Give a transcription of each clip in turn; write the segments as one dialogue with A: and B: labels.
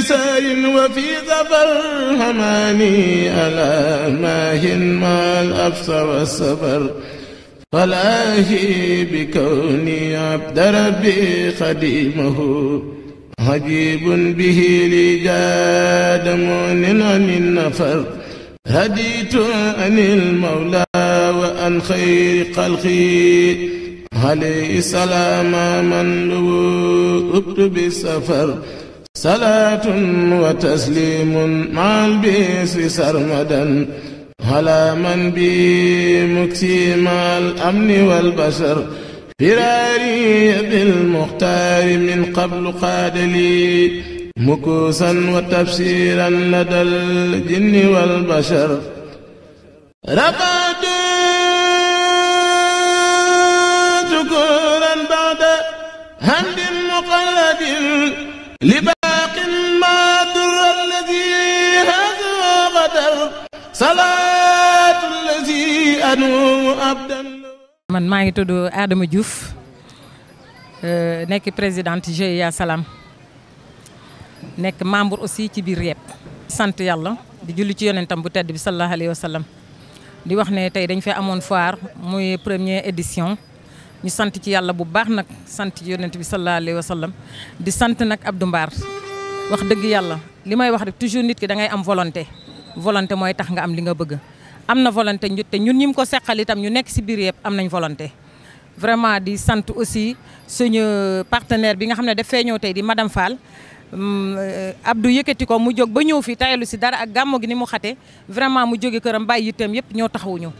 A: سار وفي ظفر هماني ألا ماهن ما الأبص والصبر فلاهي بكوني عبد ربي خديمه عجيب به لي جاد مؤن عن النفر هديت عن المولى وعن خير خلقي عليه السلام من لو أبت بالسفر salaatun wa tasliimun maal biis wi sarmadan ala man bi muksimaal amni wal bashar firaari bil muxtaari min qablu qaadali mukuusan wa tafsiiran ladal jinni wal bashar rabaatu sukuuran baada hamdin muqalladin
B: man maa ngi tudd Adama Diouf euh, nekk présidente GIA Salam nekk membre aussi ci biir RIEP. sant yàlla di julli ci yonentam bu tedd bi sallallahu alayhi wa di wax ne tey dañ fee amoon foire muy premier édition ñu sant ci yàlla bu baax nag sant ci yonent bi sallallahu alayhi wa di sant nag Abdou Mbar wax dëgg yàlla li may wax rek toujours nit ki da ngay am volonté volonté mooy tax nga am li nga bëgg. am na volonté te ñun ñi ko seqal itam ñu nekk si biir yëpp am nañ volonté. vraiment di sant aussi suñu partenaire bi nga xam ne daf fee ñëw tey di madame Fall mm, euh, Abdou yëkkati ko mu jóg ba ñëw fi tayalu si dara ak gàmmu gi ni mu xate vraiment mu jóge këram bàyyi yitteem yëpp ñoo taxawuñu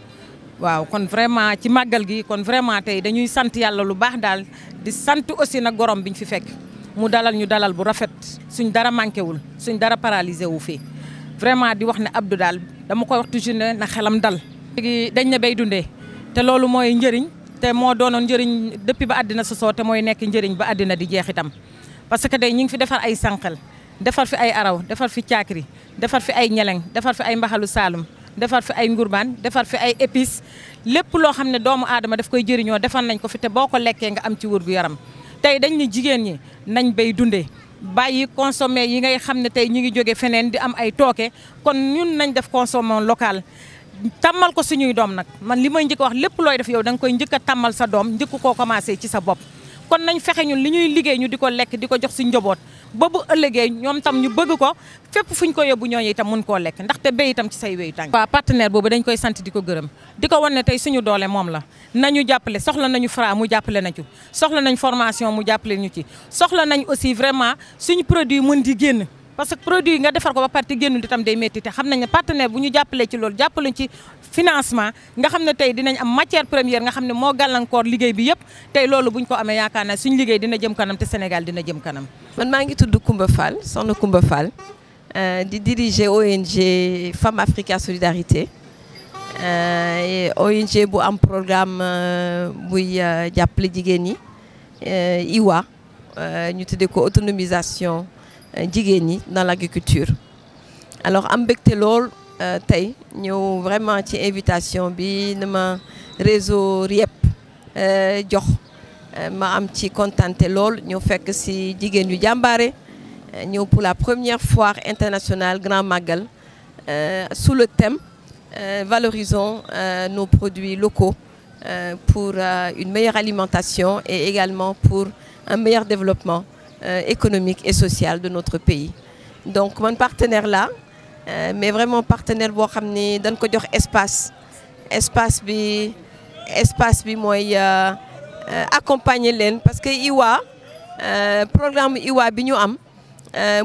B: waaw kon vraiment ci màggal gi kon vraiment tey dañuy sant yàlla lu baax daal di sant aussi nag gorom biñ fi fekk mu dalal ñu dalal bu rafet suñ dara manqué wul suñ dara paralysé wu fii vraiment di wax ne Abdou daal dama koy wax toujours ne na xelam dal. léegi dañ ne bay dundee te loolu mooy njëriñ te moo doonoon njëriñ depuis ba àddina sosoo te mooy nekk njëriñ ba àddina di jeex itam parce que day ñu ngi fi defar ay sànqal defar fi ay araw defar fi caakiri defar fi ay ñeleng defar fi ay mbaxalu saalum defar fi ay ngurbaan defar fi ay épices lépp loo xam ne doomu aadama daf koy jëriñoo defar nañ ko fi te boo ko lekkee nga am ci wér gu yaram tey dañ ne jigéen ñi nañ bay dundee. bàyyi consommé yi ngay xam ne tey ñu ngi jóge feneen di am ay tooke kon ñun nañ def consommé local tàmmal ko suñuy doom nag man li may njëkk wax lépp looy def yow da nga koy njëkk a tàmmal sa doom njëkk koo commencé ci sa bopp kon nañ fexe ñun li ñuy liggéey ñu di ko lekk di ko jox si njaboot ba bu ëllëgee ñoom tam ñu bëgg ko fépp fuñ ko yóbbu ñooñu itam mun koo lekk ndaxte béy itam ci say wéyu tànk waaw partenaire boobu dañ koy sant di ko gërëm di ko wan ne tey suñu doole moom la nañu jàppale soxla nañu Fra mu jàppale nañu soxla nañ formation mu jàppale ñu ci soxla nañ aussi vraiment suñu produit mën di génn parce que produit yi nga defar ko ba parti génnul itam day métti te xam nañ ne partenaire bu ñu jàppalee ci loolu jàppale ci financement nga xam ne tey dinañ am matière première nga xam ne moo gàllankoor liggéey bi yëpp tey loolu buñ ko amee yaakaar naa suñu liggéey dina
C: jëm kanam te Sénégal dina jëm kanam. man maa ngi tudd Koumba Fall soxna Koumba Fall euh, di diriger ONG Femme Africa Solidarité euh, ONG bu am programme euh, buy jàppale jigéen ñi IWA ñu tuddee ko autonomisation. Euh, jigéen ñi dans l' agriculture alors am mbégte lool euh, tey ñëw vraiment ci invitation bi na ma réseau RIEP euh, jox ma am ci kontante lool ñëw fekk si jigéen yu jàmbaare ñëw pour la première foire internationale Grand Magal sous le thème valorisons nos produits locaux pour une meilleure alimentation et également pour un meilleur développement Euh, économique et sociale de notre pays donc man partenaire la euh, mais vraiment partenaire boo xam ni dañ ko jox espace espace bi espace bi mooy euh, accompagner leen parce que IWA programme IWA bi ñu am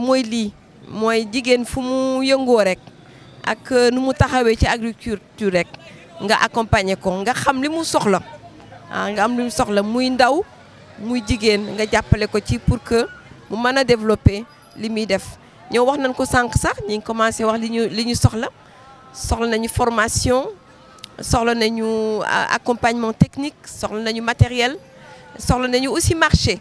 C: mooy lii mooy jigéen fu mu yëngoo rek ak nu mu taxawee ci agriculture rek nga accompagner ko nga xam li mu soxla ah, nga am li mu soxla muy ndaw muy jigéen nga jàppale ko ci pour que mu mën a développer li muy def ñoo wax nañ ko sànq sax ñi ngi commencé wax li ñu li ñu soxla soxla nañu formation soxla nañu accompagnement technique soxla nañu matériel soxla nañu aussi marché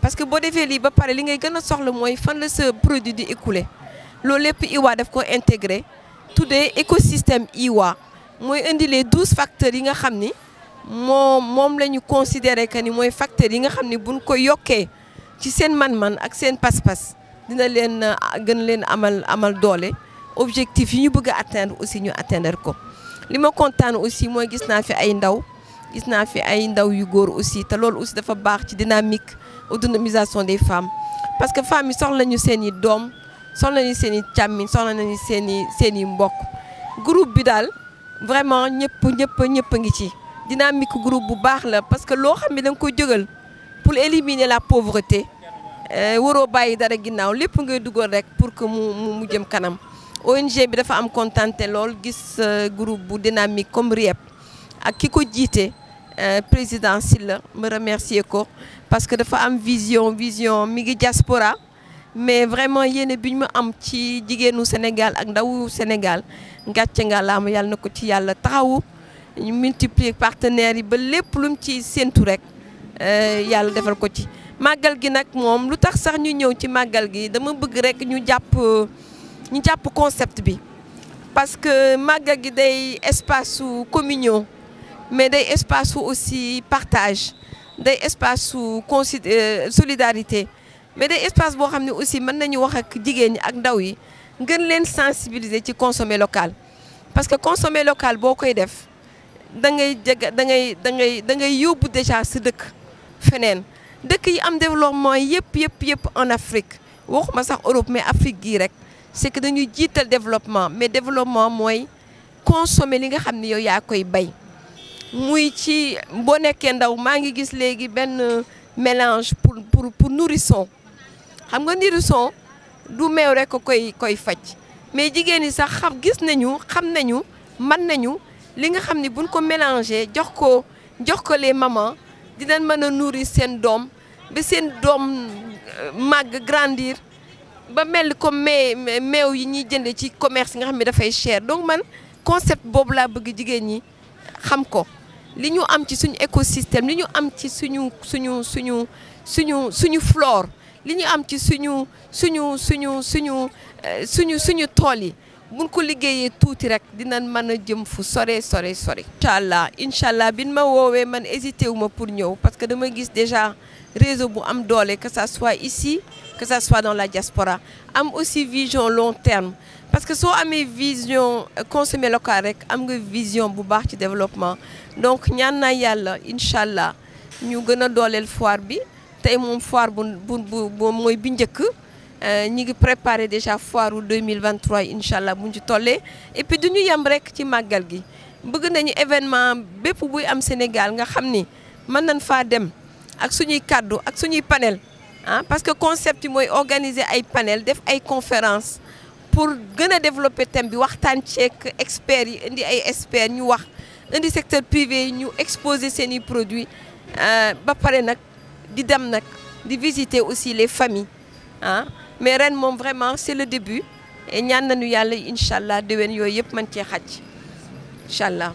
C: parce que boo defee lii ba pare li ngay gën a soxla mooy fan la sa produit di écoulé loolu lépp IWA daf ko intégré tuddee écosystème IWA mooy indi les douze facteurs yi nga xam ni moo moom la ñu considéré que ni mooy facteur yi nga xam ne buñ ko yokkee ci seen man-man ak seen pas-pas dina leen ah, gën leen amal amal doole objectif yi ñu bëgg a aussi ñu atteindre ko li ma kontaan aussi mooy gis naa fi ay ndaw gis naa fi ay ndaw yu góor aussi te loolu aussi dafa baax ci dynamique autonomisation des femmes parce que femmes yi soxla nañu seeni doom soxla nañu seen i càmmiñ soxla nañu seen i seen i mbokk groupe bi daal vraiment ñëpp ñëpp ñëpp a ngi ci dynamique groupe bu baax la parce que loo xam ne da nga koy jógal pour éliminer la pauvreté euh, waroo bàyyi dara ginnaaw lépp ngay dugal rek pour que mu mu jëm kanam ONG bi dafa am kontante lool gis euh, groupe bu dynamique comme RIEP ak ki ko jiite euh, président Sylla ma remercier ko parce que dafa am vision vision mi ngi diaspora mais vraiment yéene bi ñu ma am ci jigéenu Sénégal ak ndawu Sénégal ngàcce nga laama yàlla na ko ci yàlla taxawu ñu multiplier partenaires yi ba lépp lu ci séntu rek euh, yàlla defal ko ci màggal gi nag moom lu tax sax ñu ñëw ci màggal gi dama bëgg rek ñu jàpp ñu jàpp concept bi parce que màggal gi day espace su communion mais day espace su aussi partage day espace su consi euh, solidarité mais day espace boo xam ne aussi mën nañu wax ak jigéen ñi ak ndaw yi ngën leen sensibiliser ci consommer local parce que local boo koy def da ngay jege da ngay da ngay da ngay yóbbu déjà si dëkk feneen dëkk yi am développement yëpp yëpp yëpp en Afrique waxuma sax Europe mais Afrique gii rek c'est que dañuy jiital développement mais développement mooy consommer li nga xam ni yow yaa koy bay muy ci boo nekkee ndaw maa ngi gis léegi benn mélange pour pour pour nourrisson xam nga nourrisson du meew rek koy koy faj mais jigéen ñi sax xam gis nañu xam nañu man nañu. li nga xam ni buñ ko mélangé jox ko jox ko les mamans dinañ mën a nourrir seen doom ba seen doom euh, màgg grandir ba mel ko mee meew yi ñuy jënd ci commerce nga xam ni dafay cher donc man concept boobu laa bëgg jigéen ñi xam ko li ñu am ci suñu écosystème li ñu am ci suñu suñu suñu suñu suñu flore li ñu am ci suñu suñu suñu suñu euh, suñu suñu tool yi buñ ko liggéeyee tuuti rek dina mën a jëm fu sore sore sore. incha allah incha allah bi nu ma woowee man hésité wu ma pour ñëw parce que dama gis déjà réseau bu am doole que ça soit ici que ça soit dans la diaspora am aussi vision long terme parce que soo amee vision euh, consommer local rek am nga vision bu baax ci développement donc ñaan naa yàlla incha allah ñu gën a dooleel foire bi tey moom foire bu bu bu mooy bi njëkk. Euh, ñi ngi préparé déjà foire trois incha allah bu ñu tollee et du ñu yem rek ci màggal gi bëgg nañu événement bépp buy am Sénégal nga xam ni mën nañ faa dem ak suñuy kàddu ak suñuy panel ah parce que concept yi mooy organiser ay panel def ay conférence pour gën a développer thème bi waxtaan ceek experts yi indi ay experts ñu wax indi secteur privé ñu exposer seen i produits euh, ba pare nag di dem nag di visiter aussi les familles ah mais ren moom vraiment c'est le début ñaan nañu yàlla incha allah déwén yooyu yëpp man cee xaj incha allah.